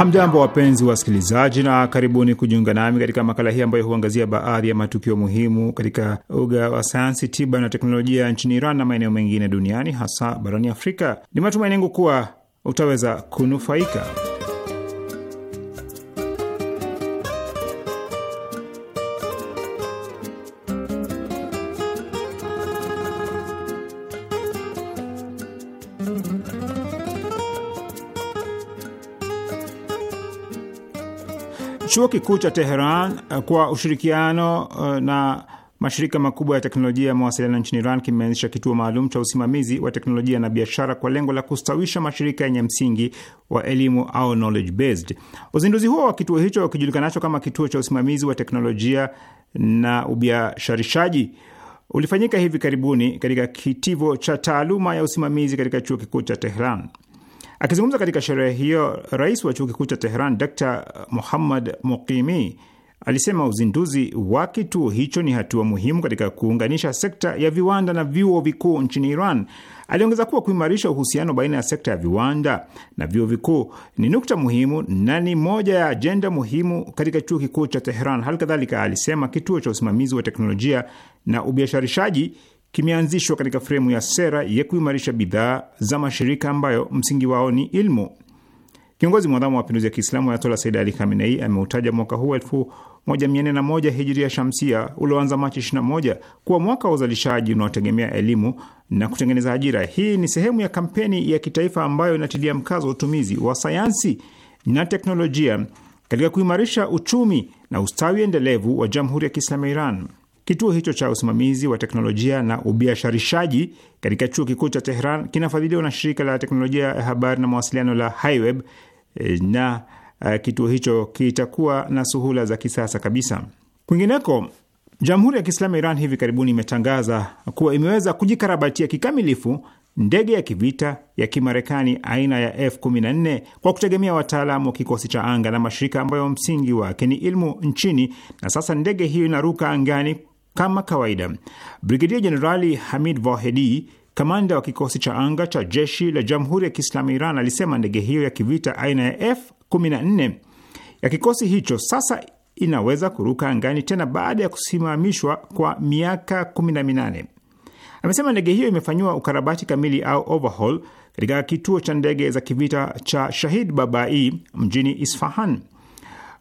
Hamjambo, wapenzi wasikilizaji, na karibuni kujiunga nami katika makala hii ambayo huangazia baadhi ya matukio muhimu katika uga wa sayansi, tiba na teknolojia nchini Iran na maeneo mengine duniani, hasa barani Afrika. Ni matumaini yangu kuwa utaweza kunufaika. Chuo kikuu cha Teheran eh, kwa ushirikiano eh, na mashirika makubwa ya teknolojia ya mawasiliano nchini Iran kimeanzisha kituo maalum cha usimamizi wa teknolojia na biashara kwa lengo la kustawisha mashirika yenye msingi wa elimu au knowledge based. Uzinduzi huo wa kituo hicho ukijulikanacho kama kituo cha usimamizi wa teknolojia na ubiasharishaji ulifanyika hivi karibuni katika kitivo cha taaluma ya usimamizi katika chuo kikuu cha Tehran. Akizungumza katika sherehe hiyo, rais wa chuo kikuu cha Teheran Dr Muhammad Muqimi alisema uzinduzi wa kituo hicho ni hatua muhimu katika kuunganisha sekta ya viwanda na vyuo vikuu nchini Iran. Aliongeza kuwa kuimarisha uhusiano baina ya sekta ya viwanda na vyuo vikuu ni nukta muhimu na ni moja ya ajenda muhimu katika chuo kikuu cha Teheran. Hali kadhalika, alisema kituo cha usimamizi wa teknolojia na ubiasharishaji kimeanzishwa katika fremu ya sera ya kuimarisha bidhaa za mashirika ambayo msingi wao ni ilmu. Kiongozi mwadhamu wa mapinduzi ya Kiislamu Ayatola Said Ali Khamenei ameutaja mwaka huu elfu moja mia nne na moja hijiria shamsia ulioanza Machi 21 kuwa mwaka wa uzalishaji unaotegemea elimu na kutengeneza ajira. Hii ni sehemu ya kampeni ya kitaifa ambayo inatilia mkazo wa utumizi wa sayansi na teknolojia katika kuimarisha uchumi na ustawi endelevu wa Jamhuri ya Kiislamu ya Iran. Kituo hicho cha usimamizi wa teknolojia na ubiasharishaji katika chuo kikuu cha Tehran kinafadhiliwa na shirika la teknolojia ya habari na mawasiliano la HiWeb eh, na eh, kituo hicho kitakuwa na suhula za kisasa kabisa. Kwingineko, Jamhuri ya Kiislamu ya Iran hivi karibuni imetangaza kuwa imeweza kujikarabatia kikamilifu ndege ya kivita ya Kimarekani aina ya F-14 kwa kutegemea wataalamu wa kikosi cha anga na mashirika ambayo msingi wake ni ilmu nchini, na sasa ndege hiyo inaruka angani kama kawaida, Brigedia Jenerali Hamid Vahedi, kamanda wa kikosi cha anga cha jeshi la Jamhuri ya Kiislamu Iran, alisema ndege hiyo ya kivita aina ya F14 ya kikosi hicho sasa inaweza kuruka angani tena baada ya kusimamishwa kwa miaka 18. Amesema ndege hiyo imefanyiwa ukarabati kamili au overhaul katika kituo cha ndege za kivita cha Shahid Babai mjini Isfahan.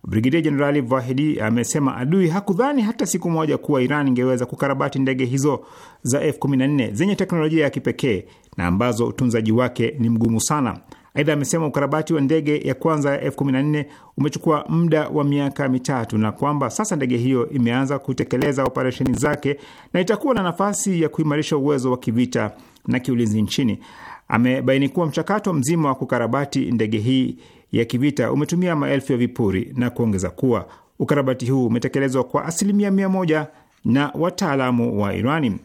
Brigedia Jenerali Vahidi amesema adui hakudhani hata siku moja kuwa Iran ingeweza kukarabati ndege hizo za F-14 zenye teknolojia ya kipekee na ambazo utunzaji wake ni mgumu sana. Aidha, amesema ukarabati wa ndege ya kwanza ya F-14 umechukua muda wa miaka mitatu na kwamba sasa ndege hiyo imeanza kutekeleza operesheni zake na itakuwa na nafasi ya kuimarisha uwezo wa kivita na kiulinzi nchini. Amebaini kuwa mchakato mzima wa kukarabati ndege hii ya kivita umetumia maelfu ya vipuri na kuongeza kuwa ukarabati huu umetekelezwa kwa asilimia mia moja na wataalamu wa Irani.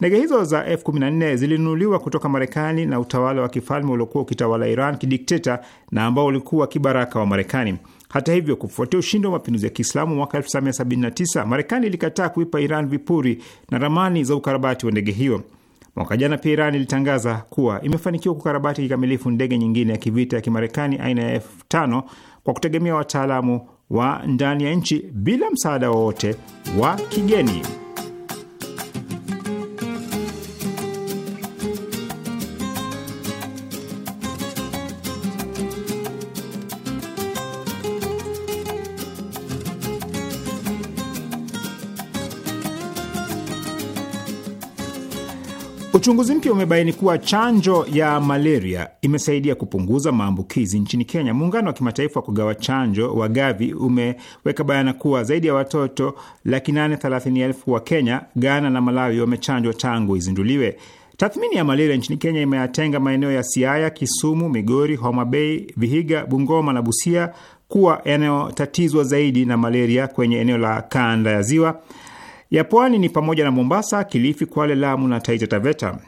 Ndege hizo za F-14 zilinunuliwa kutoka Marekani na utawala wa kifalme uliokuwa ukitawala Iran kidikteta na ambao ulikuwa kibaraka wa Marekani. Hata hivyo, kufuatia ushindi wa mapinduzi ya Kiislamu mwaka 1979, Marekani ilikataa kuipa Iran vipuri na ramani za ukarabati wa ndege hiyo. Mwaka jana pia Iran ilitangaza kuwa imefanikiwa kukarabati kikamilifu ndege nyingine ya kivita ya Kimarekani aina ya F5 kwa kutegemea wataalamu wa ndani ya nchi bila msaada wowote wa kigeni. Uchunguzi mpya umebaini kuwa chanjo ya malaria imesaidia kupunguza maambukizi nchini Kenya. Muungano wa kimataifa wa kugawa chanjo wa Gavi umeweka bayana kuwa zaidi ya watoto laki nane thelathini elfu wa Kenya, Ghana na Malawi wamechanjwa tangu izinduliwe. Tathmini ya malaria nchini Kenya imeyatenga maeneo ya Siaya, Kisumu, Migori, Homa Bay, Vihiga, Bungoma na Busia kuwa yanayotatizwa zaidi na malaria kwenye eneo la kanda ya Ziwa ya pwani ni pamoja na Mombasa, Kilifi, Kwale, Lamu na Taita Taveta.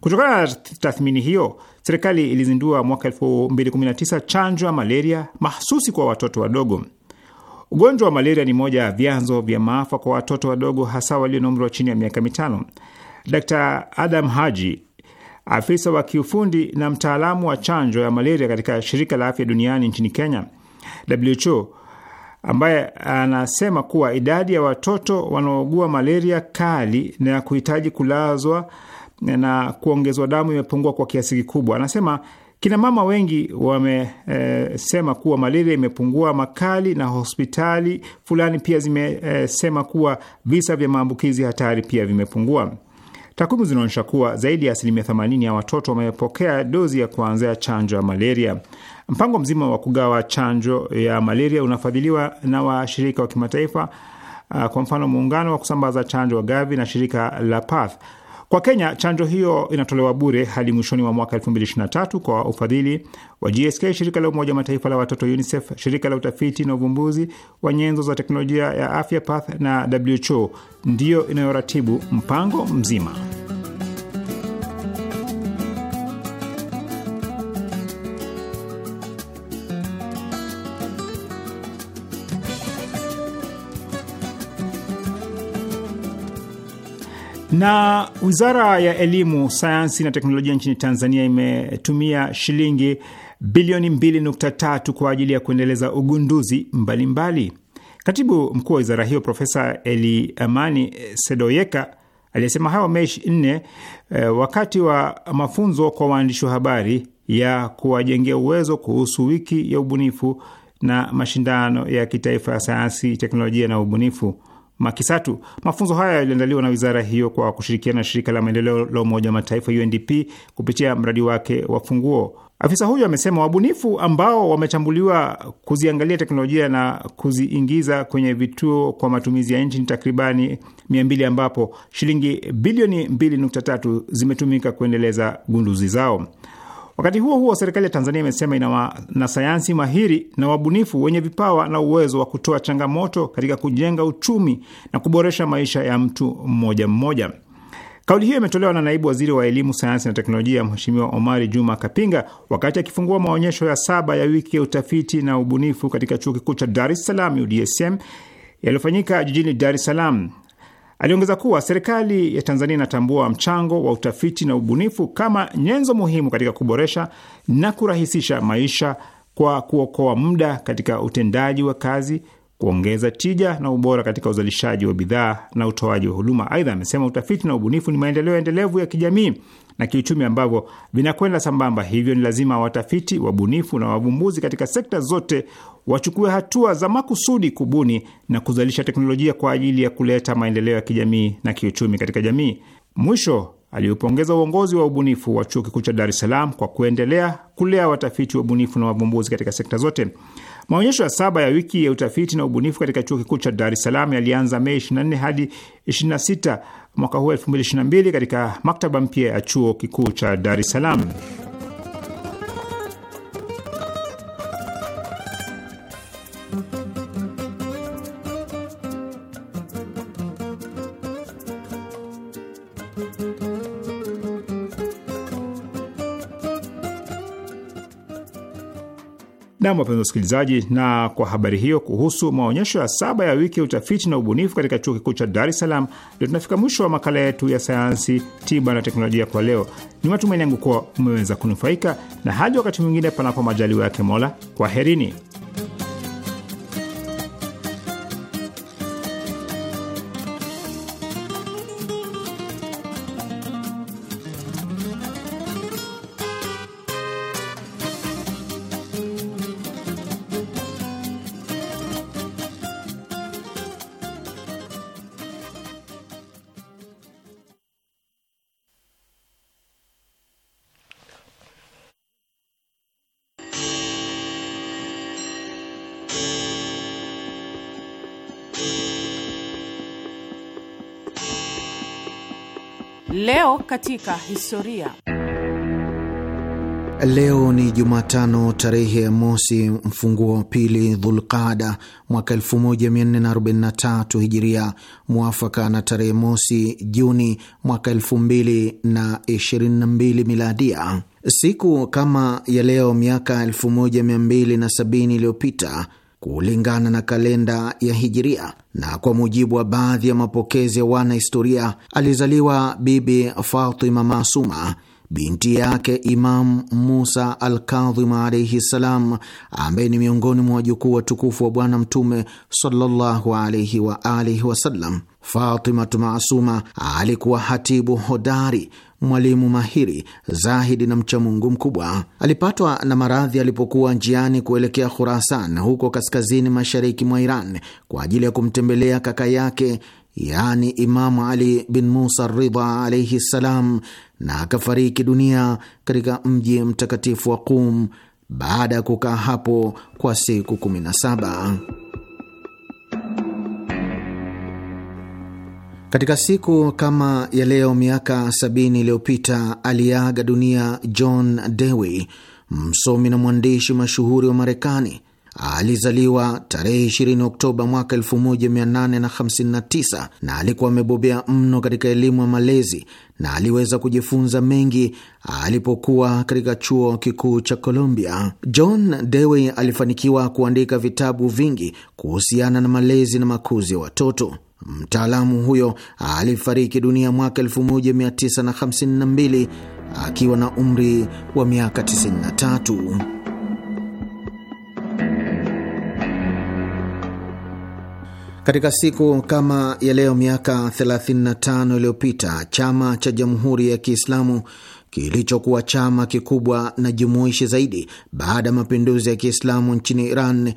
Kutokana na tathmini hiyo, serikali ilizindua mwaka 2019 chanjo ya malaria mahsusi kwa watoto wadogo. Ugonjwa wa malaria ni moja ya vyanzo vya maafa kwa watoto wadogo, hasa walio na umri wa chini ya miaka mitano. Dr Adam Haji, afisa wa kiufundi na mtaalamu wa chanjo ya malaria katika shirika la afya duniani nchini Kenya, WHO, ambaye anasema kuwa idadi ya watoto wanaougua malaria kali na ya kuhitaji kulazwa na kuongezwa damu imepungua kwa kiasi kikubwa. Anasema kina mama wengi wamesema e, kuwa malaria imepungua makali, na hospitali fulani pia zimesema e, kuwa visa vya maambukizi hatari pia vimepungua. Takwimu zinaonyesha kuwa zaidi ya asilimia 80 ya watoto wamepokea dozi ya kwanza ya chanjo ya malaria. Mpango mzima wa kugawa chanjo ya malaria unafadhiliwa na washirika wa kimataifa, ah, kwa mfano muungano wa kusambaza chanjo wa Gavi na shirika la Path. Kwa Kenya, chanjo hiyo inatolewa bure hadi mwishoni mwa mwaka 2023 kwa ufadhili wa GSK, shirika la Umoja wa Mataifa la watoto UNICEF, shirika la utafiti na uvumbuzi wa nyenzo za teknolojia ya afya PATH na WHO ndiyo inayoratibu mpango mzima. Na wizara ya elimu, sayansi na teknolojia nchini Tanzania imetumia shilingi bilioni 2.3 kwa ajili ya kuendeleza ugunduzi mbalimbali mbali. Katibu mkuu wa wizara hiyo Profesa Eli Amani Sedoyeka aliyesema hayo Mei 4 eh, wakati wa mafunzo kwa waandishi wa habari ya kuwajengea uwezo kuhusu wiki ya ubunifu na mashindano ya kitaifa ya sayansi, teknolojia na ubunifu. Makisatu. Mafunzo haya yaliandaliwa na wizara hiyo kwa kushirikiana na shirika la maendeleo la Umoja wa Mataifa UNDP kupitia mradi wake wa Funguo. Afisa huyo amesema wabunifu ambao wamechambuliwa kuziangalia teknolojia na kuziingiza kwenye vituo kwa matumizi ya nchi ni takribani mia mbili ambapo shilingi bilioni tatu zimetumika kuendeleza gunduzi zao. Wakati huo huo, serikali ya Tanzania imesema ina wanasayansi mahiri na wabunifu wenye vipawa na uwezo wa kutoa changamoto katika kujenga uchumi na kuboresha maisha ya mtu mmoja mmoja. Kauli hiyo imetolewa na naibu waziri wa elimu, sayansi na teknolojia, Mheshimiwa Omari Juma Kapinga wakati akifungua maonyesho ya saba ya wiki ya utafiti na ubunifu katika chuo kikuu cha Dar es Salaam, UDSM, yaliyofanyika jijini Dar es Salaam. Aliongeza kuwa serikali ya Tanzania inatambua mchango wa utafiti na ubunifu kama nyenzo muhimu katika kuboresha na kurahisisha maisha kwa kuokoa muda katika utendaji wa kazi kuongeza tija na ubora katika uzalishaji wa bidhaa na utoaji wa huduma. Aidha, amesema utafiti na ubunifu ni maendeleo endelevu ya kijamii na kiuchumi ambavyo vinakwenda sambamba, hivyo ni lazima watafiti, wabunifu na wavumbuzi katika sekta zote wachukue hatua za makusudi kubuni na kuzalisha teknolojia kwa ajili ya kuleta maendeleo ya kijamii na kiuchumi katika jamii. Mwisho aliupongeza uongozi wa ubunifu wa Chuo Kikuu cha Dar es Salaam kwa kuendelea kulea watafiti, wabunifu na wavumbuzi katika sekta zote. Maonyesho ya saba ya wiki ya utafiti na ubunifu katika chuo kikuu cha Dar es Salaam yalianza Mei 24 hadi 26 mwaka huu 2022 katika maktaba mpya ya chuo kikuu cha Dar es Salaam. Nam, wapenzi wasikilizaji, na kwa habari hiyo kuhusu maonyesho ya saba ya wiki ya utafiti na ubunifu katika chuo kikuu cha Dar es Salaam, ndio tunafika mwisho wa makala yetu ya sayansi, tiba na teknolojia kwa leo. Ni matumaini yangu kuwa umeweza kunufaika, na hadi wakati mwingine, panapo majaliwa yake Mola, kwaherini. katika historia. Leo ni Jumatano tarehe ya mosi mfunguo wa pili Dhulqada mwaka 1443 Hijiria, mwafaka na tarehe mosi Juni mwaka 2022 Miladia. Siku kama ya leo miaka 1270 iliyopita kulingana na kalenda ya Hijiria, na kwa mujibu wa baadhi ya mapokezi ya wanahistoria alizaliwa Bibi Fatima Masuma binti yake Imam Musa Alkadhim alaihi ssalam, ambaye ni miongoni mwa wajukuu watukufu wa Bwana Mtume sallallahu alaihi waalihi wasallam. Fatimatu Masuma alikuwa hatibu hodari mwalimu mahiri, zahidi na mchamungu mkubwa. Alipatwa na maradhi alipokuwa njiani kuelekea Khurasan huko kaskazini mashariki mwa Iran kwa ajili ya kumtembelea kaka yake yani Imamu Ali bin Musa Ridha alaihi ssalam, na akafariki dunia katika mji mtakatifu wa Qum baada ya kukaa hapo kwa siku 17. Katika siku kama ya leo miaka 70 iliyopita aliaga dunia John Dewey, msomi na mwandishi mashuhuri wa Marekani. Alizaliwa tarehe 20 Oktoba mwaka 1859 na, na alikuwa amebobea mno katika elimu ya malezi na aliweza kujifunza mengi alipokuwa katika chuo kikuu cha Columbia. John Dewey alifanikiwa kuandika vitabu vingi kuhusiana na malezi na makuzi ya watoto. Mtaalamu huyo alifariki dunia mwaka 1952 akiwa na umri wa miaka 93. Katika siku kama ya leo miaka 35 iliyopita chama cha Jamhuri ya Kiislamu kilichokuwa chama kikubwa na jumuishi zaidi baada ya mapinduzi ya Kiislamu nchini Iran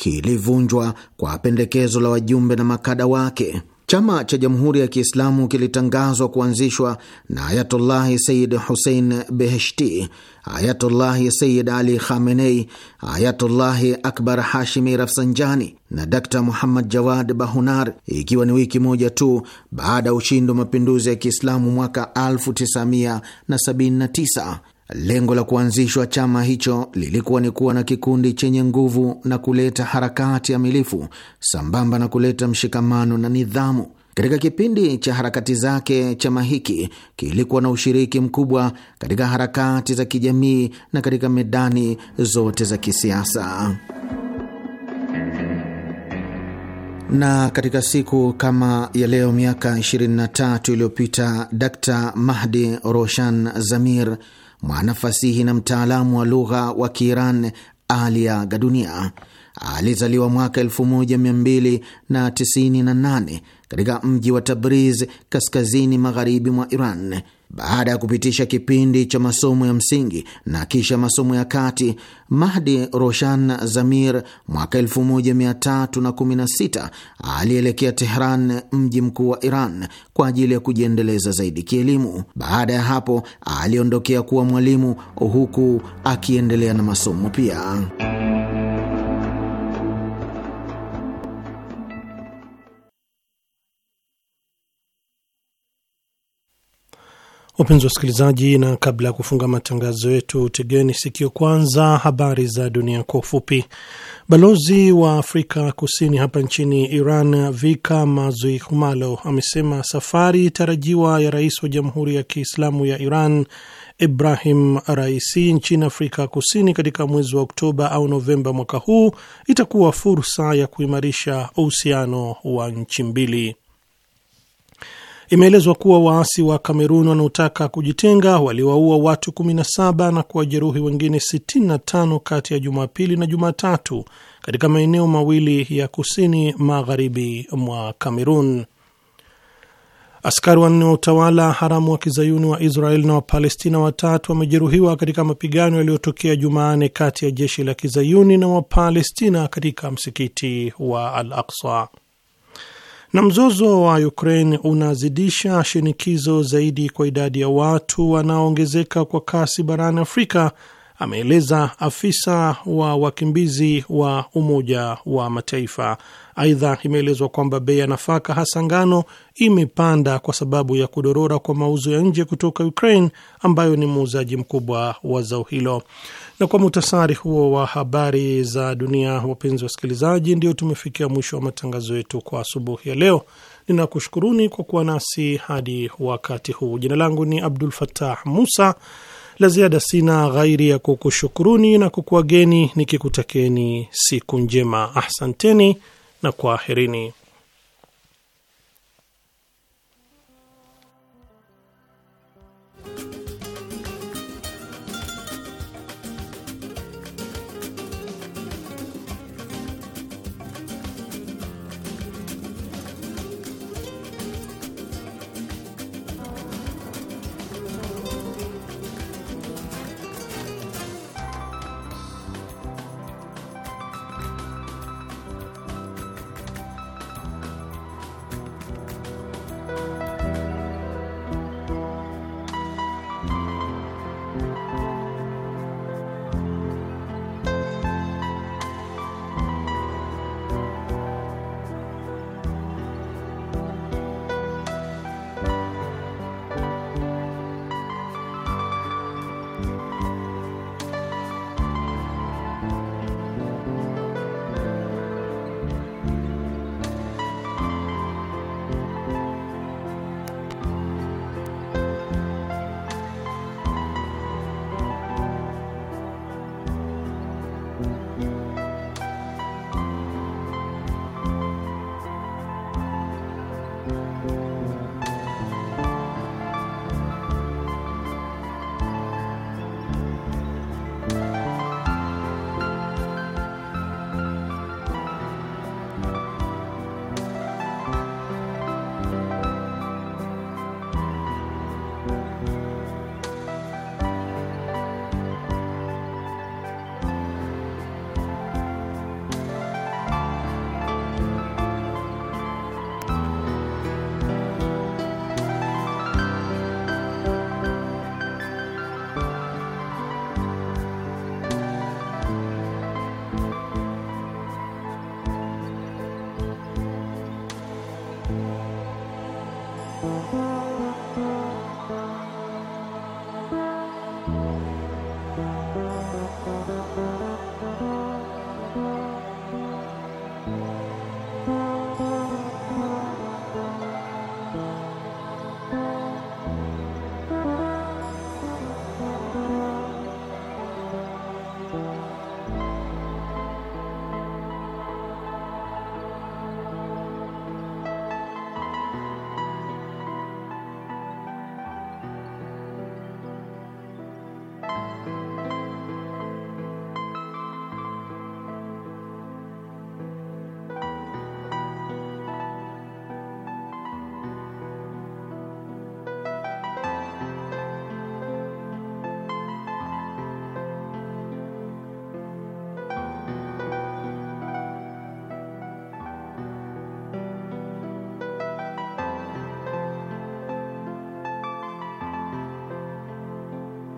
kilivunjwa kwa pendekezo la wajumbe na makada wake. Chama cha Jamhuri ya Kiislamu kilitangazwa kuanzishwa na Ayatullahi Sayid husein Beheshti, Ayatullahi Sayid Ali Khamenei, Ayatullahi Akbar Hashimi Rafsanjani na Dr Muhammad Jawad Bahunar, ikiwa ni wiki moja tu baada ya ushindi wa mapinduzi ya Kiislamu mwaka 1979. Lengo la kuanzishwa chama hicho lilikuwa ni kuwa na kikundi chenye nguvu na kuleta harakati amilifu sambamba na kuleta mshikamano na nidhamu. Katika kipindi cha harakati zake, chama hiki kilikuwa na ushiriki mkubwa katika harakati za kijamii na katika medani zote za kisiasa. Na katika siku kama ya leo miaka 23 iliyopita, Dkt Mahdi Roshan Zamir mwanafasihi na mtaalamu wa lugha wa Kiiran aliaga dunia. Alizaliwa mwaka 1298 katika mji wa Tabriz, kaskazini magharibi mwa Iran. Baada ya kupitisha kipindi cha masomo ya msingi na kisha masomo ya kati, Mahdi Roshan Zamir mwaka 1316 alielekea Tehran, mji mkuu wa Iran, kwa ajili ya kujiendeleza zaidi kielimu. Baada ya hapo, aliondokea kuwa mwalimu huku akiendelea na masomo pia. Wapenzi wasikilizaji, na kabla ya kufunga matangazo yetu, tegeni sikio kwanza habari za dunia kwa ufupi. Balozi wa Afrika Kusini hapa nchini Iran, Vika mazuihumalo Khumalo, amesema safari tarajiwa ya rais wa Jamhuri ya Kiislamu ya Iran Ibrahim Raisi nchini Afrika Kusini katika mwezi wa Oktoba au Novemba mwaka huu itakuwa fursa ya kuimarisha uhusiano wa nchi mbili. Imeelezwa kuwa waasi wa Kamerun wanaotaka kujitenga waliwaua watu 17 na kuwajeruhi wengine 65 kati ya Jumapili na Jumatatu katika maeneo mawili ya kusini magharibi mwa Kamerun. Askari wanne wa utawala haramu wa kizayuni wa Israel na Wapalestina watatu wamejeruhiwa katika mapigano yaliyotokea Jumanne kati ya jeshi la kizayuni na Wapalestina katika msikiti wa Al Aqsa. Na mzozo wa Ukraine unazidisha shinikizo zaidi kwa idadi ya watu wanaoongezeka kwa kasi barani Afrika, ameeleza afisa wa wakimbizi wa Umoja wa Mataifa. Aidha, imeelezwa kwamba bei ya nafaka hasa ngano imepanda kwa sababu ya kudorora kwa mauzo ya nje kutoka Ukraine ambayo ni muuzaji mkubwa wa zao hilo. Na kwa muhtasari huo wa habari za dunia, wapenzi wasikilizaji, ndio tumefikia mwisho wa matangazo yetu kwa asubuhi ya leo. Ninakushukuruni kwa kuwa nasi hadi wakati huu. Jina langu ni Abdul fatah Musa. La ziada sina ghairi ya kukushukuruni na kukuageni nikikutakeni siku njema. Ahsanteni na kwaherini.